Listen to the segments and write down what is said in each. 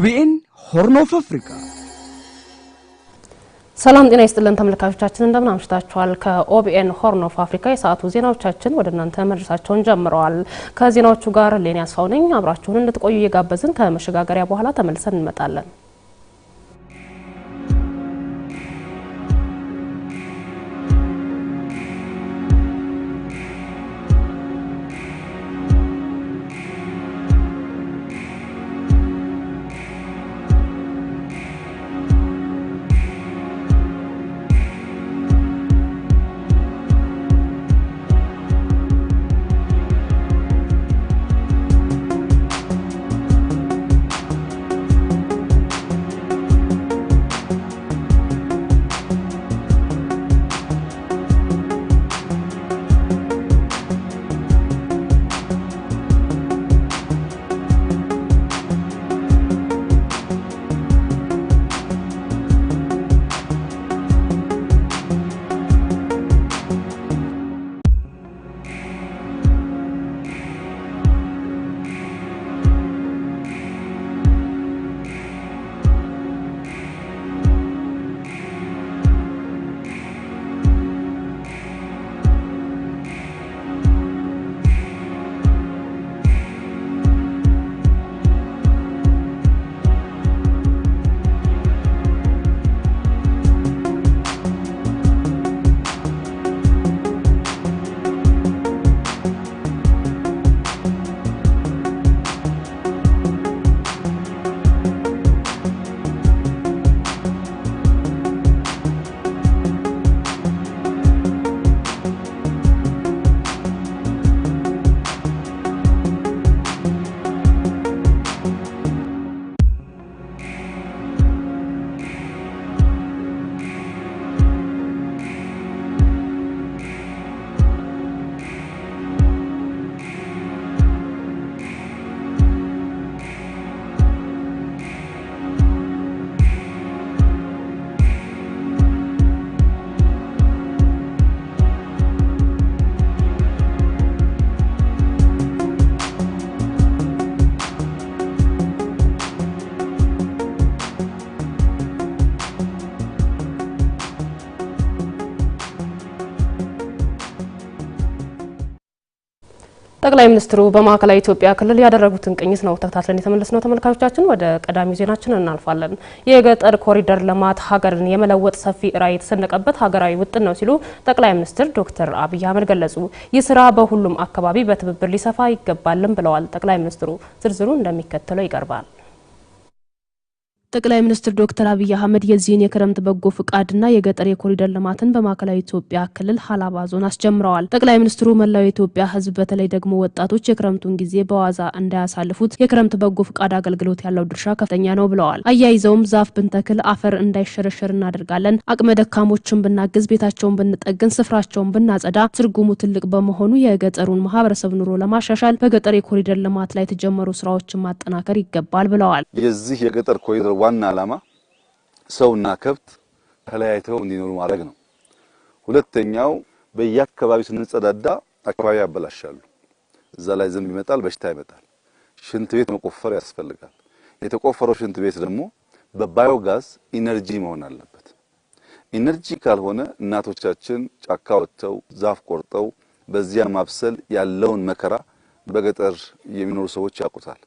ኦቢኤን ሆርን ኦፍ አፍሪካ። ሰላም ጤና ይስጥልን ተመልካቾቻችን፣ እንደምን አምሽታችኋል። ከኦቢኤን ሆርን ኦፍ አፍሪካ የሰዓቱ ዜናዎቻችን ወደ እናንተ መድረሳቸውን ጀምረዋል። ከዜናዎቹ ጋር ሌን ያስፋው ነኝ። አብራችሁን እንድትቆዩ እየጋበዝን ከመሸጋገሪያ በኋላ ተመልሰን እንመጣለን። ጠቅላይ ሚኒስትሩ በማዕከላዊ ኢትዮጵያ ክልል ያደረጉትን ቅኝት ነው ተከታትለን የተመለስ ነው ተመልካቾቻችን። ወደ ቀዳሚው ዜናችን እናልፋለን። የገጠር ኮሪደር ልማት ሀገርን የመለወጥ ሰፊ ራዕይ የተሰነቀበት ሀገራዊ ውጥን ነው ሲሉ ጠቅላይ ሚኒስትር ዶክተር አብይ አህመድ ገለጹ። ይህ ስራ በሁሉም አካባቢ በትብብር ሊሰፋ ይገባልም ብለዋል ጠቅላይ ሚኒስትሩ። ዝርዝሩ እንደሚከተለው ይቀርባል። ጠቅላይ ሚኒስትር ዶክተር አብይ አህመድ የዚህን የክረምት በጎ ፍቃድና የገጠር የኮሪደር ልማትን በማዕከላዊ ኢትዮጵያ ክልል ሀላባ ዞን አስጀምረዋል። ጠቅላይ ሚኒስትሩ መላው የኢትዮጵያ ሕዝብ በተለይ ደግሞ ወጣቶች የክረምቱን ጊዜ በዋዛ እንዳያሳልፉት የክረምት በጎ ፍቃድ አገልግሎት ያለው ድርሻ ከፍተኛ ነው ብለዋል። አያይዘውም ዛፍ ብንተክል አፈር እንዳይሸረሸር እናደርጋለን፣ አቅመ ደካሞችን ብናግዝ፣ ቤታቸውን ብንጠግን፣ ስፍራቸውን ብናጸዳ ትርጉሙ ትልቅ በመሆኑ የገጠሩን ማህበረሰብ ኑሮ ለማሻሻል በገጠር የኮሪደር ልማት ላይ የተጀመሩ ስራዎችን ማጠናከር ይገባል ብለዋል። የዚህ የገጠር ኮሪደር ዋና ዓላማ ሰውና ከብት ተለያይተው እንዲኖሩ ማድረግ ነው። ሁለተኛው በየአካባቢው ስንጸዳዳ አካባቢ ያበላሻሉ። እዛ ላይ ዝንብ ይመጣል፣ በሽታ ይመጣል። ሽንት ቤት መቆፈር ያስፈልጋል። የተቆፈረው ሽንት ቤት ደግሞ በባዮጋዝ ኢነርጂ መሆን አለበት። ኢነርጂ ካልሆነ እናቶቻችን ጫካ ወጥተው ዛፍ ቆርጠው በዚያ ማብሰል ያለውን መከራ በገጠር የሚኖሩ ሰዎች ያውቁታል።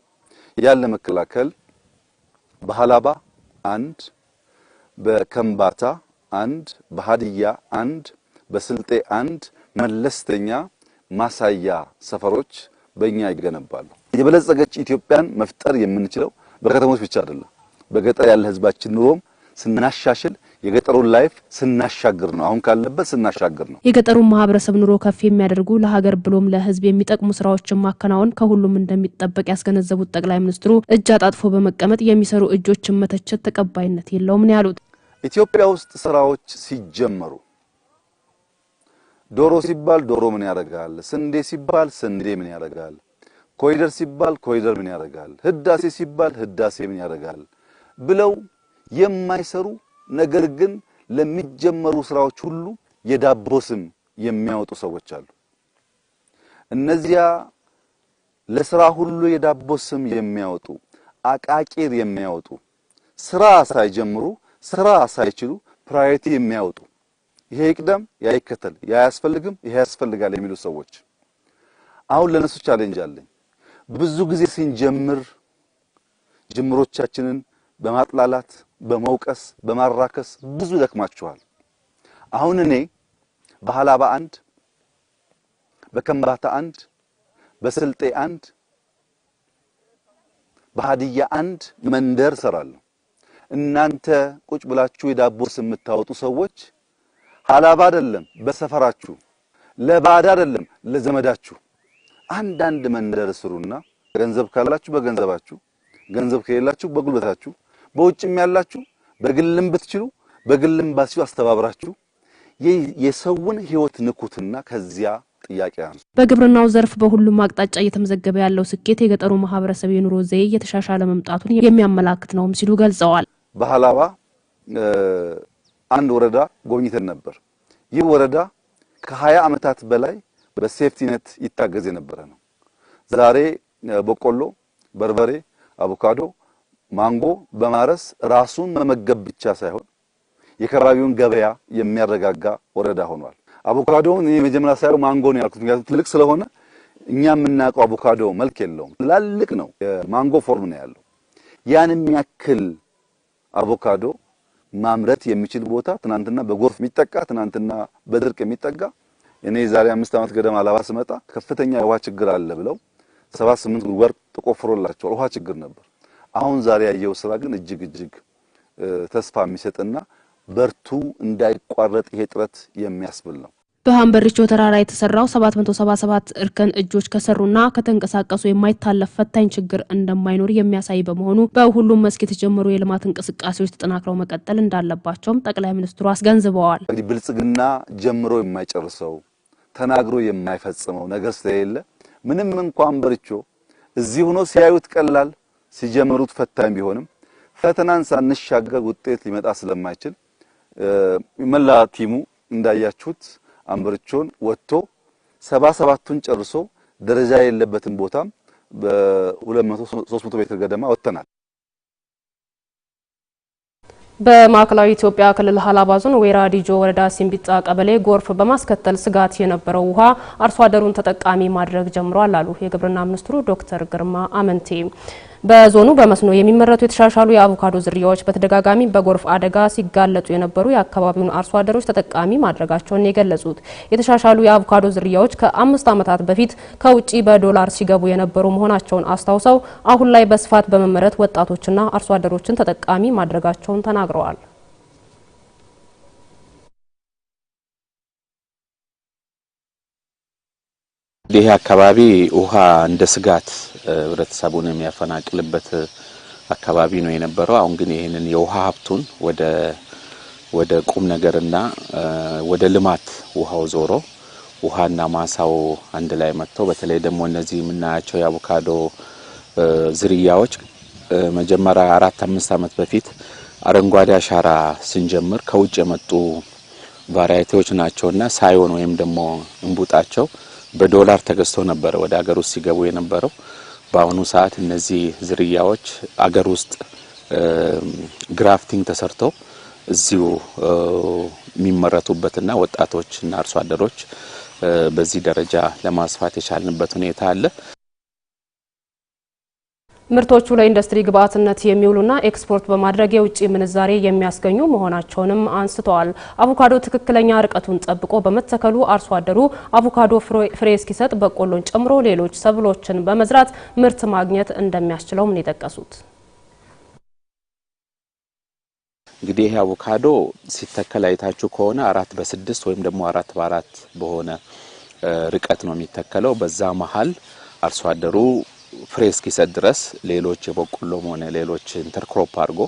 ያን ለመከላከል በሀላባ አንድ፣ በከምባታ አንድ፣ በሀዲያ አንድ፣ በስልጤ አንድ መለስተኛ ማሳያ ሰፈሮች በእኛ ይገነባሉ። የበለጸገች ኢትዮጵያን መፍጠር የምንችለው በከተሞች ብቻ አይደለም። በገጠር ያለ ህዝባችን ኑሮም ስናሻሽል የገጠሩን ላይፍ ስናሻግር ነው። አሁን ካለበት ስናሻግር ነው። የገጠሩን ማህበረሰብ ኑሮ ከፍ የሚያደርጉ ለሀገር ብሎም ለሕዝብ የሚጠቅሙ ስራዎችን ማከናወን ከሁሉም እንደሚጠበቅ ያስገነዘቡት ጠቅላይ ሚኒስትሩ እጅ አጣጥፎ በመቀመጥ የሚሰሩ እጆችን መተቸት ተቀባይነት የለውም ነው ያሉት። ኢትዮጵያ ውስጥ ስራዎች ሲጀመሩ ዶሮ ሲባል ዶሮ ምን ያደርጋል? ስንዴ ሲባል ስንዴ ምን ያደርጋል? ኮሪደር ሲባል ኮሪደር ምን ያደርጋል? ህዳሴ ሲባል ህዳሴ ምን ያደርጋል ብለው የማይሰሩ ነገር ግን ለሚጀመሩ ስራዎች ሁሉ የዳቦ ስም የሚያወጡ ሰዎች አሉ። እነዚያ ለስራ ሁሉ የዳቦ ስም የሚያወጡ አቃቂር የሚያወጡ ስራ ሳይጀምሩ ስራ ሳይችሉ ፕራዮሪቲ የሚያወጡ ይሄ ይቅደም፣ ያ ይከተል፣ ያ አያስፈልግም፣ ይሄ ያስፈልጋል የሚሉ ሰዎች አሁን ለነሱ ቻሌንጅ አለኝ። ብዙ ጊዜ ስንጀምር ጅምሮቻችንን በማጥላላት በመውቀስ በማራከስ ብዙ ደክማችኋል። አሁን እኔ በሀላባ አንድ፣ በከምባታ አንድ፣ በስልጤ አንድ፣ በሀዲያ አንድ መንደር እሰራለሁ። እናንተ ቁጭ ብላችሁ የዳቦ ስም የምታወጡ ሰዎች ሀላባ አይደለም በሰፈራችሁ፣ ለባዳ አይደለም ለዘመዳችሁ አንዳንድ መንደር ስሩና ገንዘብ ካላችሁ በገንዘባችሁ፣ ገንዘብ ከሌላችሁ በጉልበታችሁ በውጭም ያላችሁ በግልም ብትችሉ በግልም ባሲው አስተባብራችሁ የሰውን ህይወት ንኩትና ከዚያ ጥያቄ በግብርናው ዘርፍ በሁሉም አቅጣጫ እየተመዘገበ ያለው ስኬት የገጠሩ ማህበረሰብ የኑሮ ዘዬ እየተሻሻለ መምጣቱን የሚያመላክት ነውም ሲሉ ገልጸዋል። በሀላባ አንድ ወረዳ ጎብኝተን ነበር። ይህ ወረዳ ከሀያ ዓመታት በላይ በሴፍቲነት ይታገዝ የነበረ ነው። ዛሬ በቆሎ፣ በርበሬ፣ አቮካዶ ማንጎ በማረስ ራሱን መመገብ ብቻ ሳይሆን የከባቢውን ገበያ የሚያረጋጋ ወረዳ ሆኗል። አቮካዶውን እኔ መጀመሪያ ሳይሆን ማንጎ ነው ያልኩት፣ ምክንያቱም ትልቅ ስለሆነ እኛ የምናውቀው አቮካዶ መልክ የለውም፣ ትላልቅ ነው። የማንጎ ፎርም ነው ያለው። ያን የሚያክል አቮካዶ ማምረት የሚችል ቦታ ትናንትና በጎርፍ የሚጠቃ ትናንትና በድርቅ የሚጠጋ እኔ ዛሬ አምስት ዓመት ገደማ አላባ ስመጣ ከፍተኛ የውሃ ችግር አለ ብለው ሰባት ስምንት ጉድጓድ ተቆፍሮላቸዋል። ውሃ ችግር ነበር። አሁን ዛሬ ያየው ስራ ግን እጅግ እጅግ ተስፋ የሚሰጥና በርቱ እንዳይቋረጥ ይሄ ጥረት የሚያስብል ነው። በሀምበሪቾ ተራራ የተሰራው 777 እርከን እጆች ከሰሩና ከተንቀሳቀሱ የማይታለፍ ፈታኝ ችግር እንደማይኖር የሚያሳይ በመሆኑ በሁሉም መስክ የተጀመሩ የልማት እንቅስቃሴዎች ተጠናክረው መቀጠል እንዳለባቸውም ጠቅላይ ሚኒስትሩ አስገንዝበዋል። እንግዲህ ብልጽግና ጀምሮ የማይጨርሰው ተናግሮ የማይፈጽመው ነገር ስለሌለ ምንም እንኳ ሀምበሪቾ እዚህ ሆኖ ሲያዩት ቀላል ሲጀምሩት ፈታኝ ቢሆንም ፈተናን ሳንሻገር ውጤት ሊመጣ ስለማይችል መላ ቲሙ እንዳያችሁት አንበርቾን ወጥቶ ሰባ ሰባቱን ጨርሶ ደረጃ የለበትን ቦታም በ200 300 ሜትር ገደማ ወጥተናል። በማዕከላዊ ኢትዮጵያ ክልል ሀላባ ዞን ወይራ ዲጆ ወረዳ ሲምቢጣ ቀበሌ ጎርፍ በማስከተል ስጋት የነበረው ውሃ አርሶ አደሩን ተጠቃሚ ማድረግ ጀምሯል አሉ የግብርና ሚኒስትሩ ዶክተር ግርማ አመንቴ። በዞኑ በመስኖ የሚመረቱ የተሻሻሉ የአቮካዶ ዝርያዎች በተደጋጋሚ በጎርፍ አደጋ ሲጋለጡ የነበሩ የአካባቢውን አርሶ አደሮች ተጠቃሚ ማድረጋቸውን የገለጹት የተሻሻሉ የአቮካዶ ዝርያዎች ከአምስት ዓመታት በፊት ከውጭ በዶላር ሲገቡ የነበሩ መሆናቸውን አስታውሰው አሁን ላይ በስፋት በመመረት ወጣቶችና አርሶ አደሮችን ተጠቃሚ ማድረጋቸውን ተናግረዋል። ይህ አካባቢ ውሃ እንደ ስጋት ህብረተሰቡን የሚያፈናቅልበት አካባቢ ነው የነበረው። አሁን ግን ይህንን የውሃ ሀብቱን ወደ ወደ ቁም ነገርና ወደ ልማት ውሃው ዞሮ ውሃና ማሳው አንድ ላይ መጥተው በተለይ ደግሞ እነዚህ የምናያቸው የአቮካዶ ዝርያዎች መጀመሪያ አራት አምስት ዓመት በፊት አረንጓዴ አሻራ ስንጀምር ከውጭ የመጡ ቫራይቲዎች ናቸውና ሳዮን ወይም ደግሞ እንቡጣቸው በዶላር ተገዝቶ ነበረ ወደ አገር ውስጥ ሲገቡ የነበረው። በአሁኑ ሰዓት እነዚህ ዝርያዎች አገር ውስጥ ግራፍቲንግ ተሰርተው እዚሁ የሚመረቱበትና ወጣቶችና አርሶ አደሮች በዚህ ደረጃ ለማስፋት የቻልንበት ሁኔታ አለ። ምርቶቹ ለኢንዱስትሪ ግብዓትነት የሚውሉና ኤክስፖርት በማድረግ የውጭ ምንዛሬ የሚያስገኙ መሆናቸውንም አንስተዋል። አቮካዶ ትክክለኛ ርቀቱን ጠብቆ በመተከሉ አርሶ አደሩ አቮካዶ ፍሬ እስኪሰጥ በቆሎን ጨምሮ ሌሎች ሰብሎችን በመዝራት ምርት ማግኘት እንደሚያስችለውም ነው የጠቀሱት። እንግዲህ ይሄ አቮካዶ ሲተከል አይታችሁ ከሆነ አራት በስድስት ወይም ደግሞ አራት በአራት በሆነ ርቀት ነው የሚተከለው። በዛ መሀል አርሶ አደሩ ፍሬ እስኪሰጥ ድረስ ሌሎች የበቆሎም ሆነ ሌሎች ኢንተርክሮፕ አድርጎ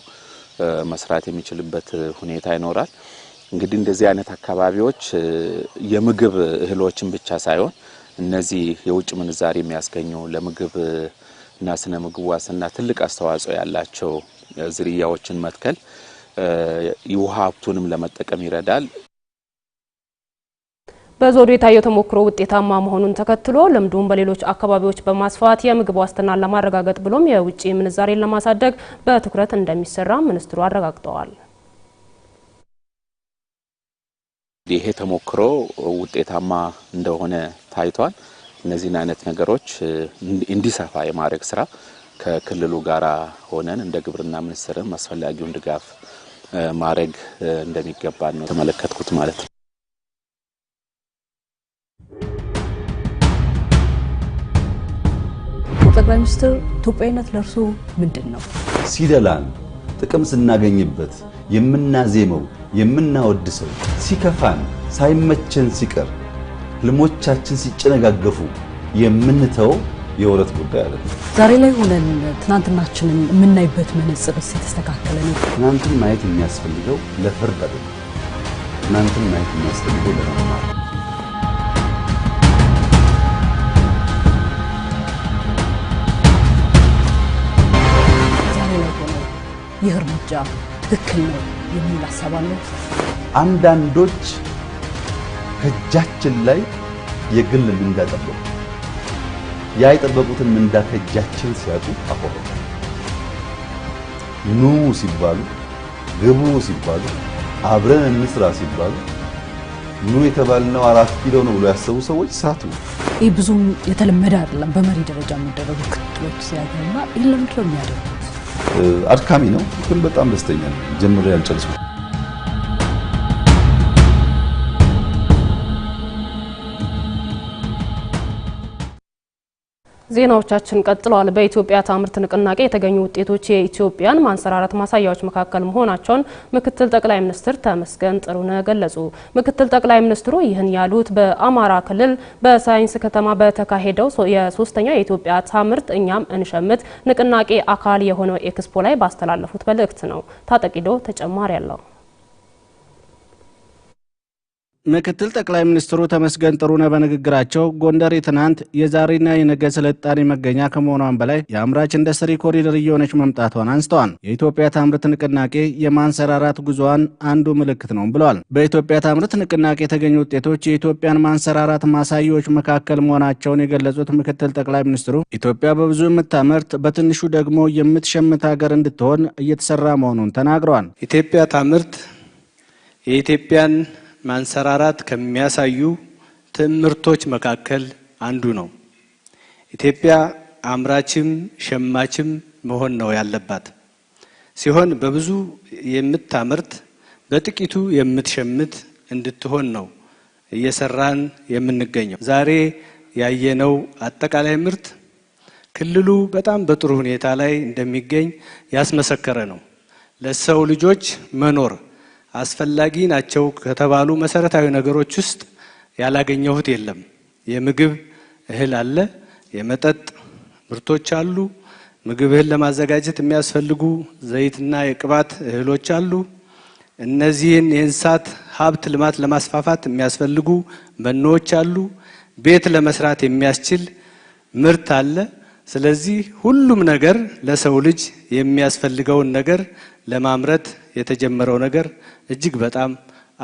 መስራት የሚችልበት ሁኔታ ይኖራል። እንግዲህ እንደዚህ አይነት አካባቢዎች የምግብ እህሎችን ብቻ ሳይሆን እነዚህ የውጭ ምንዛሪ የሚያስገኙ ለምግብ እና ስነ ምግብ ዋስትና ትልቅ አስተዋጽኦ ያላቸው ዝርያዎችን መትከል የውሃ ሀብቱንም ለመጠቀም ይረዳል። በዞኑ የታየው ተሞክሮ ውጤታማ መሆኑን ተከትሎ ልምዱን በሌሎች አካባቢዎች በማስፋት የምግብ ዋስትናን ለማረጋገጥ ብሎም የውጭ ምንዛሬን ለማሳደግ በትኩረት እንደሚሰራ ሚኒስትሩ አረጋግጠዋል። ይሄ ተሞክሮ ውጤታማ እንደሆነ ታይቷል። እነዚህን አይነት ነገሮች እንዲሰፋ የማድረግ ስራ ከክልሉ ጋር ሆነን እንደ ግብርና ሚኒስትርም አስፈላጊውን ድጋፍ ማድረግ እንደሚገባ ነው የተመለከትኩት ማለት ነው። ጠቅላይ ሚኒስትር ኢትዮጵያዊነት ለርሶ ምንድን ነው? ሲደላን ጥቅም ስናገኝበት የምናዜመው የምናወድሰው፣ ሲከፋን ሳይመቸን ሲቀር ህልሞቻችን ሲጨነጋገፉ የምንተው የውረት ጉዳይ አለ። ዛሬ ላይ ሆነን ትናንትናችንን የምናይበት መነጽር የተስተካከለ ነው። ትናንትን ማየት የሚያስፈልገው ለፍርድ አይደለም። ትናንትን ማየት የሚያስፈልገው ለመማር ይህ እርምጃ ትክክል ነው የሚል ሀሳብ አለው። አንዳንዶች ከእጃችን ላይ የግል ምንዳ ጠበቁ። ያ የጠበቁትን ምንዳ ከእጃችን ሲያጡ አኮረፈ። ኑ ሲባሉ፣ ግቡ ሲባሉ፣ አብረን እንስራ ሲባሉ ኑ የተባልነው አራት ኪሎ ነው ብሎ ያሰቡ ሰዎች ሳቱ። ይህ ብዙም የተለመደ አይደለም። በመሪ ደረጃ የሚደረጉ ክትሎች ሲያገኙና ይህ ለምንድነው የሚያደርጉ አድካሚ ነው፣ ግን በጣም ደስተኛ ነው። ጀምሬ ያልጨረስኩት ዜናዎቻችን ቀጥለዋል። በኢትዮጵያ ታምርት ንቅናቄ የተገኙ ውጤቶች የኢትዮጵያን ማንሰራራት ማሳያዎች መካከል መሆናቸውን ምክትል ጠቅላይ ሚኒስትር ተመስገን ጥሩነህ ገለጹ። ምክትል ጠቅላይ ሚኒስትሩ ይህን ያሉት በአማራ ክልል በሳይንስ ከተማ በተካሄደው የሶስተኛው የኢትዮጵያ ታምርት እኛም እንሸምት ንቅናቄ አካል የሆነው ኤክስፖ ላይ ባስተላለፉት መልእክት ነው። ታጠቂዶ ተጨማሪ አለው። ምክትል ጠቅላይ ሚኒስትሩ ተመስገን ጥሩነህ በንግግራቸው ጎንደር የትናንት የዛሬና የነገ ስልጣኔ መገኛ ከመሆኗን በላይ የአምራች ኢንዱስትሪ ኮሪደር እየሆነች መምጣቷን አንስተዋል። የኢትዮጵያ ታምርት ንቅናቄ የማንሰራራት ጉዞዋን አንዱ ምልክት ነው ብለዋል። በኢትዮጵያ ታምርት ንቅናቄ የተገኙ ውጤቶች የኢትዮጵያን ማንሰራራት ማሳያዎች መካከል መሆናቸውን የገለጹት ምክትል ጠቅላይ ሚኒስትሩ ኢትዮጵያ በብዙ የምታመርት በትንሹ ደግሞ የምትሸምት ሀገር እንድትሆን እየተሰራ መሆኑን ተናግረዋል። ኢትዮጵያ ታምርት የኢትዮጵያን ማንሰራራት ከሚያሳዩ ትምህርቶች መካከል አንዱ ነው። ኢትዮጵያ አምራችም ሸማችም መሆን ነው ያለባት ሲሆን በብዙ የምታመርት በጥቂቱ የምትሸምት እንድትሆን ነው እየሰራን የምንገኘው። ዛሬ ያየነው አጠቃላይ ምርት ክልሉ በጣም በጥሩ ሁኔታ ላይ እንደሚገኝ ያስመሰከረ ነው። ለሰው ልጆች መኖር አስፈላጊ ናቸው ከተባሉ መሰረታዊ ነገሮች ውስጥ ያላገኘሁት የለም። የምግብ እህል አለ፣ የመጠጥ ምርቶች አሉ፣ ምግብ እህል ለማዘጋጀት የሚያስፈልጉ ዘይትና የቅባት እህሎች አሉ። እነዚህን የእንስሳት ሀብት ልማት ለማስፋፋት የሚያስፈልጉ መኖዎች አሉ። ቤት ለመስራት የሚያስችል ምርት አለ። ስለዚህ ሁሉም ነገር ለሰው ልጅ የሚያስፈልገውን ነገር ለማምረት የተጀመረው ነገር እጅግ በጣም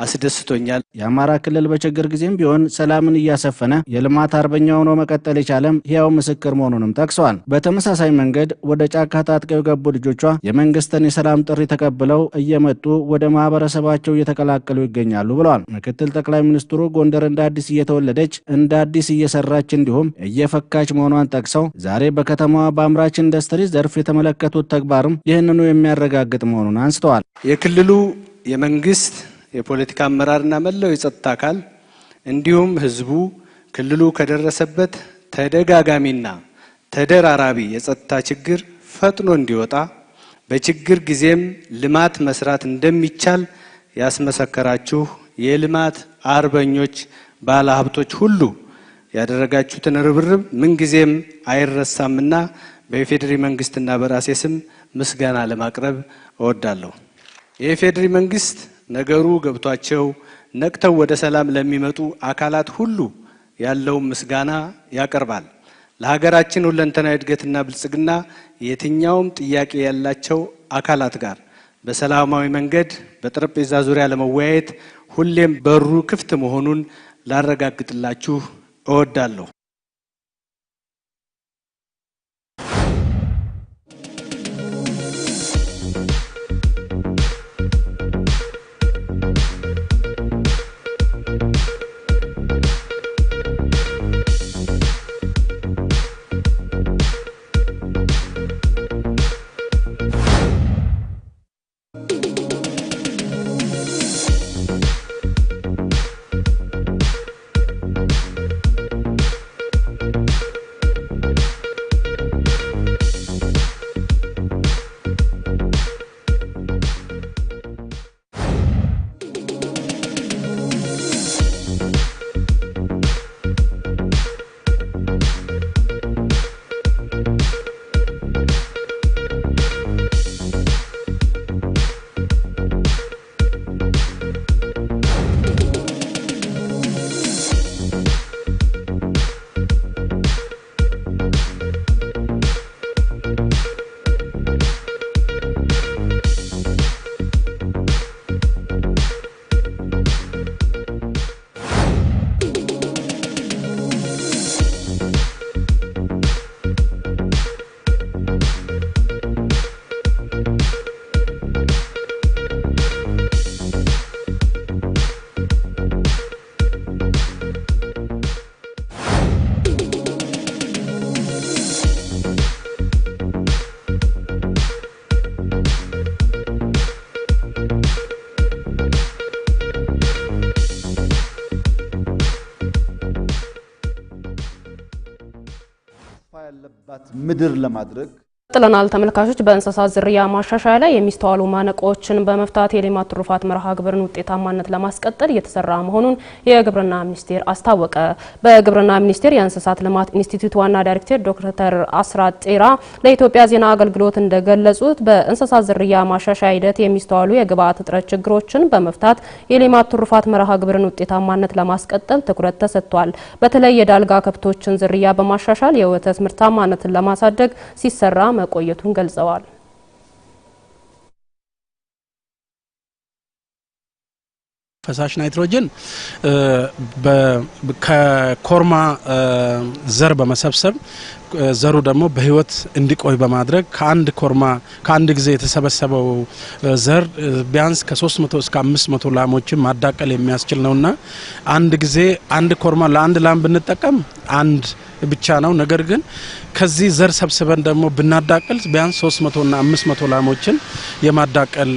አስደስቶኛል። የአማራ ክልል በችግር ጊዜም ቢሆን ሰላምን እያሰፈነ የልማት አርበኛ ሆኖ መቀጠል የቻለም ሕያው ምስክር መሆኑንም ጠቅሰዋል። በተመሳሳይ መንገድ ወደ ጫካ ታጥቀው የገቡ ልጆቿ የመንግስትን የሰላም ጥሪ ተቀብለው እየመጡ ወደ ማህበረሰባቸው እየተቀላቀሉ ይገኛሉ ብለዋል። ምክትል ጠቅላይ ሚኒስትሩ ጎንደር እንደ አዲስ እየተወለደች እንደ አዲስ እየሰራች እንዲሁም እየፈካች መሆኗን ጠቅሰው ዛሬ በከተማዋ በአምራች ኢንዱስትሪ ዘርፍ የተመለከቱት ተግባርም ይህንኑ የሚያረጋግጥ መሆኑን አንስተዋል። የክልሉ የመንግስት የፖለቲካ አመራርና መላው የጸጥታ አካል እንዲሁም ህዝቡ ክልሉ ከደረሰበት ተደጋጋሚና ተደራራቢ የጸጥታ ችግር ፈጥኖ እንዲወጣ በችግር ጊዜም ልማት መስራት እንደሚቻል ያስመሰከራችሁ የልማት አርበኞች ባለሀብቶች ሁሉ ያደረጋችሁትን ርብርብ ምንጊዜም አይረሳምና በኢፌዴሪ መንግስትና በራሴ ስም ምስጋና ለማቅረብ እወዳለሁ። የኢፌዴሪ መንግስት ነገሩ ገብቷቸው ነቅተው ወደ ሰላም ለሚመጡ አካላት ሁሉ ያለውን ምስጋና ያቀርባል። ለሀገራችን ሁለንተና እድገትና ብልጽግና የትኛውም ጥያቄ ያላቸው አካላት ጋር በሰላማዊ መንገድ በጠረጴዛ ዙሪያ ለመወያየት ሁሌም በሩ ክፍት መሆኑን ላረጋግጥላችሁ እወዳለሁ። ያለባት ምድር ለማድረግ ጥለናል ተመልካቾች በእንስሳት ዝርያ ማሻሻያ ላይ የሚስተዋሉ ማነቆችን በመፍታት የሌማት ትሩፋት መርሃ ግብርን ውጤታማነት ለማስቀጠል እየተሰራ መሆኑን የግብርና ሚኒስቴር አስታወቀ። በግብርና ሚኒስቴር የእንስሳት ልማት ኢንስቲትዩት ዋና ዳይሬክተር ዶክተር አስራት ጤራ ለኢትዮጵያ ዜና አገልግሎት እንደገለጹት በእንስሳት ዝርያ ማሻሻያ ሂደት የሚስተዋሉ የግብአት እጥረት ችግሮችን በመፍታት የሌማት ትሩፋት መርሃ ግብርን ውጤታማነት ለማስቀጠል ትኩረት ተሰጥቷል። በተለይ የዳልጋ ከብቶችን ዝርያ በማሻሻል የወተት ምርታማነትን ለማሳደግ ሲሰራ መቆየቱን ገልጸዋል። ፈሳሽ ናይትሮጅን ከኮርማ ዘር በመሰብሰብ ዘሩ ደግሞ በህይወት እንዲቆይ በማድረግ ከአንድ ኮርማ ከአንድ ጊዜ የተሰበሰበው ዘር ቢያንስ ከ300 እስከ 500 ላሞችን ማዳቀል የሚያስችል ነውና አንድ ጊዜ አንድ ኮርማ ለአንድ ላም ብንጠቀም አንድ ብቻ ነው። ነገር ግን ከዚህ ዘር ሰብስበን ደግሞ ብናዳቅል ቢያንስ 300 እና 500 ላሞችን የማዳቀል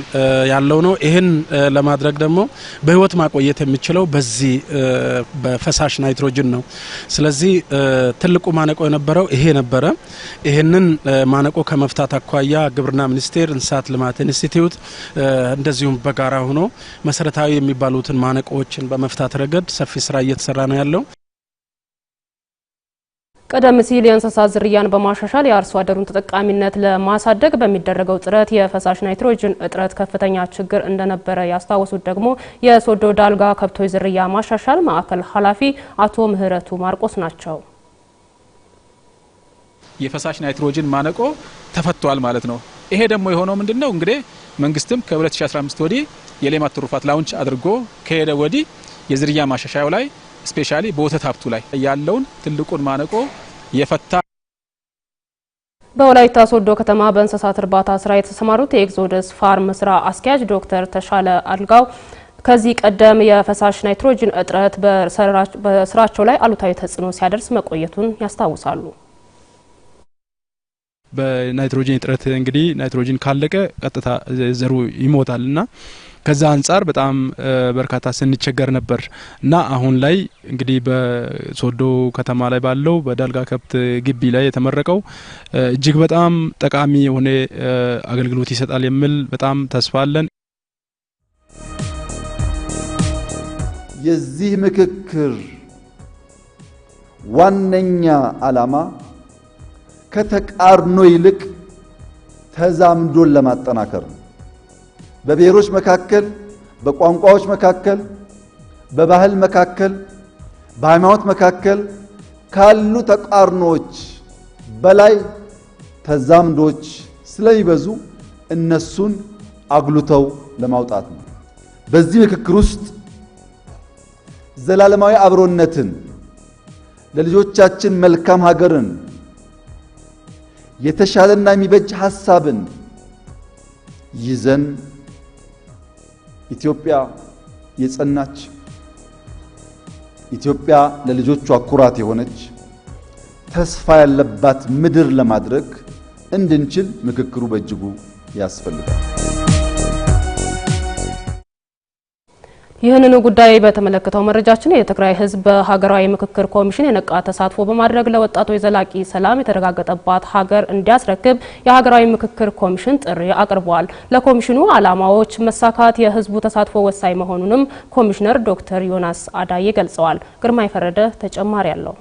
ያለው ነው። ይህን ለማድረግ ደግሞ በህይወት ማቆየት የሚችለው በዚህ በፈሳሽ ናይትሮጅን ነው። ስለዚህ ትልቁ ማነቆ የነበረው ይሄ ነበረ። ይህንን ማነቆ ከመፍታት አኳያ ግብርና ሚኒስቴር፣ እንስሳት ልማት ኢንስቲትዩት እንደዚሁም በጋራ ሆኖ መሰረታዊ የሚባሉትን ማነቆዎችን በመፍታት ረገድ ሰፊ ስራ እየተሰራ ነው ያለው። ቀደም ሲል የእንስሳት ዝርያን በማሻሻል የአርሶ አደሩን ተጠቃሚነት ለማሳደግ በሚደረገው ጥረት የፈሳሽ ናይትሮጅን እጥረት ከፍተኛ ችግር እንደነበረ ያስታወሱት ደግሞ የሶዶ ዳልጋ ከብቶች ዝርያ ማሻሻል ማዕከል ኃላፊ አቶ ምህረቱ ማርቆስ ናቸው። የፈሳሽ ናይትሮጅን ማነቆ ተፈቷል ማለት ነው። ይሄ ደግሞ የሆነው ምንድን ነው እንግዲህ መንግስትም ከ2015 ወዲህ የሌማት ትሩፋት ላውንች አድርጎ ከሄደ ወዲህ የዝርያ ማሻሻያው ላይ ስፔሻሊ በወተት ሀብቱ ላይ ያለውን ትልቁን ማነቆ የፈታ በወላይታ ሶዶ ከተማ በእንስሳት እርባታ ስራ የተሰማሩት የኤግዞደስ ፋርም ስራ አስኪያጅ ዶክተር ተሻለ አልጋው ከዚህ ቀደም የፈሳሽ ናይትሮጅን እጥረት በስራቸው ላይ አሉታዊ ተጽዕኖ ሲያደርስ መቆየቱን ያስታውሳሉ። በናይትሮጅን እጥረት እንግዲህ ናይትሮጅን ካለቀ ቀጥታ ዘሩ ይሞታል እና ከዛ አንጻር በጣም በርካታ ስንቸገር ነበር እና አሁን ላይ እንግዲህ በሶዶ ከተማ ላይ ባለው በዳልጋ ከብት ግቢ ላይ የተመረቀው እጅግ በጣም ጠቃሚ የሆነ አገልግሎት ይሰጣል የሚል በጣም ተስፋ አለን። የዚህ ምክክር ዋነኛ ዓላማ ከተቃርኖ ይልቅ ተዛምዶን ለማጠናከር ነው። በብሔሮች መካከል፣ በቋንቋዎች መካከል፣ በባህል መካከል፣ በሃይማኖት መካከል ካሉ ተቃርኖች በላይ ተዛምዶች ስለሚበዙ እነሱን አጉልተው ለማውጣት ነው። በዚህ ምክክር ውስጥ ዘላለማዊ አብሮነትን ለልጆቻችን መልካም ሀገርን የተሻለና የሚበጅ ሀሳብን ይዘን ኢትዮጵያ የጸናች ኢትዮጵያ ለልጆቿ ኩራት የሆነች ተስፋ ያለባት ምድር ለማድረግ እንድንችል ምክክሩ በእጅጉ ያስፈልጋል። ይህንኑ ጉዳይ በተመለከተው መረጃችን የትግራይ ህዝብ በሀገራዊ ምክክር ኮሚሽን የነቃ ተሳትፎ በማድረግ ለወጣቱ ዘላቂ ሰላም የተረጋገጠባት ሀገር እንዲያስረክብ የሀገራዊ ምክክር ኮሚሽን ጥሪ አቅርቧል። ለኮሚሽኑ አላማዎች መሳካት የህዝቡ ተሳትፎ ወሳኝ መሆኑንም ኮሚሽነር ዶክተር ዮናስ አዳዬ ገልጸዋል። ግርማ የፈረደ ተጨማሪ አለው።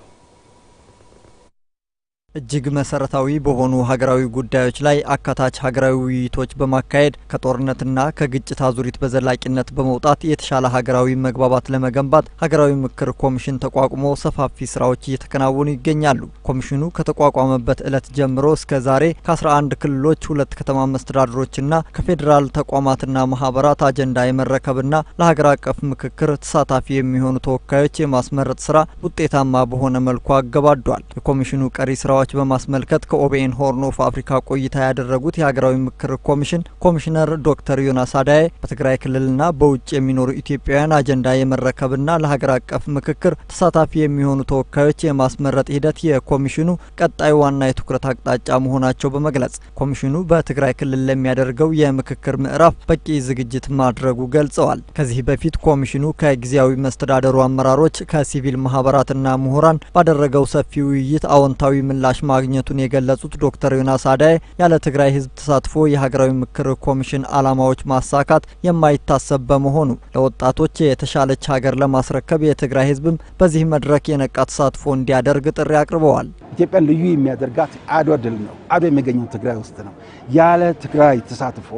እጅግ መሰረታዊ በሆኑ ሀገራዊ ጉዳዮች ላይ አካታች ሀገራዊ ውይይቶች በማካሄድ ከጦርነትና ከግጭት አዙሪት በዘላቂነት በመውጣት የተሻለ ሀገራዊ መግባባት ለመገንባት ሀገራዊ ምክር ኮሚሽን ተቋቁሞ ሰፋፊ ስራዎች እየተከናወኑ ይገኛሉ። ኮሚሽኑ ከተቋቋመበት ዕለት ጀምሮ እስከ ዛሬ ከ11 ክልሎች ሁለት ከተማ መስተዳድሮችና ከፌዴራል ተቋማትና ማህበራት አጀንዳ የመረከብና ለሀገር አቀፍ ምክክር ተሳታፊ የሚሆኑ ተወካዮች የማስመረጥ ስራ ውጤታማ በሆነ መልኩ አገባዷል። የኮሚሽኑ ቀሪ ስራዎች ሁኔታዎች በማስመልከት ከኦቤን ሆርን ኦፍ አፍሪካ ቆይታ ያደረጉት የሀገራዊ ምክር ኮሚሽን ኮሚሽነር ዶክተር ዮናስ አዳዬ በትግራይ ክልልና በውጭ የሚኖሩ ኢትዮጵያውያን አጀንዳ የመረከብና ለሀገር አቀፍ ምክክር ተሳታፊ የሚሆኑ ተወካዮች የማስመረጥ ሂደት የኮሚሽኑ ቀጣይ ዋና የትኩረት አቅጣጫ መሆናቸው በመግለጽ ኮሚሽኑ በትግራይ ክልል ለሚያደርገው የምክክር ምዕራፍ በቂ ዝግጅት ማድረጉ ገልጸዋል። ከዚህ በፊት ኮሚሽኑ ከጊዜያዊ መስተዳደሩ አመራሮች ከሲቪል ማህበራትና ምሁራን ባደረገው ሰፊ ውይይት አዎንታዊ ምላሽ ምላሽ ማግኘቱን የገለጹት ዶክተር ዮናስ አዳይ ያለ ትግራይ ህዝብ ተሳትፎ የሀገራዊ ምክር ኮሚሽን አላማዎች ማሳካት የማይታሰብ በመሆኑ ለወጣቶች የተሻለች ሀገር ለማስረከብ የትግራይ ህዝብም በዚህ መድረክ የነቃ ተሳትፎ እንዲያደርግ ጥሪ አቅርበዋል። ኢትዮጵያን ልዩ የሚያደርጋት አድዋ ድል ነው። አድዋ የሚገኘው ትግራይ ውስጥ ነው። ያለ ትግራይ ተሳትፎ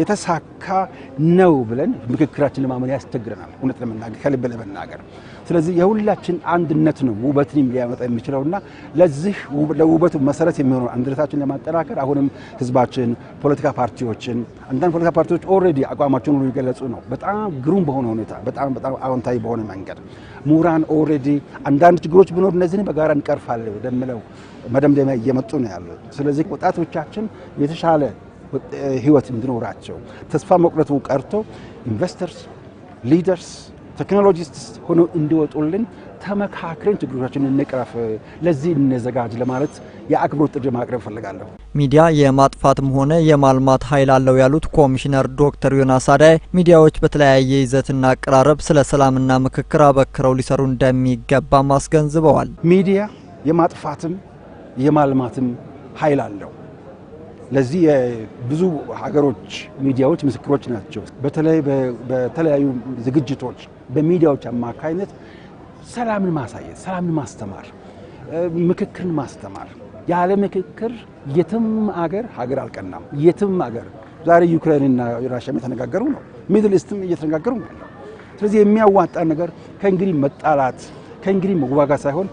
የተሳካ ነው ብለን ምክክራችን ለማመን ያስቸግረናል። እውነት ለመናገር ከልብ ለመናገር ስለዚህ የሁላችን አንድነት ነው ውበትን ሊያመጣ የሚችለውና ለዚህ ለውበቱ መሰረት የሚሆነው አንድነታችን ለማጠናከር አሁንም ህዝባችን፣ ፖለቲካ ፓርቲዎችን አንዳንድ ፖለቲካ ፓርቲዎች ኦልሬዲ አቋማቸውን ሁሉ የገለጹ ነው፣ በጣም ግሩም በሆነ ሁኔታ፣ በጣም በጣም አዎንታዊ በሆነ መንገድ ምሁራን ኦልሬዲ አንዳንድ ችግሮች ቢኖሩ እነዚህን በጋራ እንቀርፋለን ወደሚለው መደምደሚያ እየመጡ ነው ያሉ። ስለዚህ ወጣቶቻችን የተሻለ ህይወት እንዲኖራቸው ተስፋ መቁረቱ ቀርቶ ኢንቨስተርስ ሊደርስ ቴክኖሎጂስት ሆነው እንዲወጡልን ተመካክረን ችግሮቻችንን እንቅረፍ፣ ለዚህ እንዘጋጅ ለማለት የአክብሮት ጥሪ ማቅረብ እፈልጋለሁ። ሚዲያ የማጥፋትም ሆነ የማልማት ኃይል አለው ያሉት ኮሚሽነር ዶክተር ዮናስ አዳይ ሚዲያዎች በተለያየ ይዘትና አቀራረብ ስለ ሰላምና ምክክር አበክረው ሊሰሩ እንደሚገባም አስገንዝበዋል። ሚዲያ የማጥፋትም የማልማትም ኃይል አለው። ለዚህ የብዙ ሀገሮች ሚዲያዎች ምስክሮች ናቸው። በተለይ በተለያዩ ዝግጅቶች በሚዲያዎች አማካኝነት ሰላምን ማሳየት፣ ሰላምን ማስተማር፣ ምክክርን ማስተማር ያለ ምክክር የትም አገር ሀገር አልቀናም። የትም አገር ዛሬ ዩክሬንና ራሽያም የተነጋገሩ ነው። ሚድል ኢስትም እየተነጋገሩ ነው። ስለዚህ የሚያዋጣ ነገር ከእንግዲህ መጣላት ከእንግዲህ መዋጋ ሳይሆን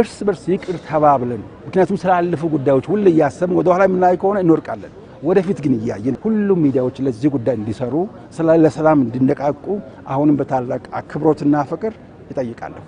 እርስ በርስ ይቅር ተባብለን፣ ምክንያቱም ስላለፉ ጉዳዮች ሁሉ እያሰብን ወደኋላ የምናይ ከሆነ እንወርቃለን ወደፊት ግን እያየን ሁሉም ሚዲያዎች ለዚህ ጉዳይ እንዲሰሩ፣ ለሰላም እንዲነቃቁ አሁንም በታላቅ አክብሮትና ፍቅር ይጠይቃለሁ።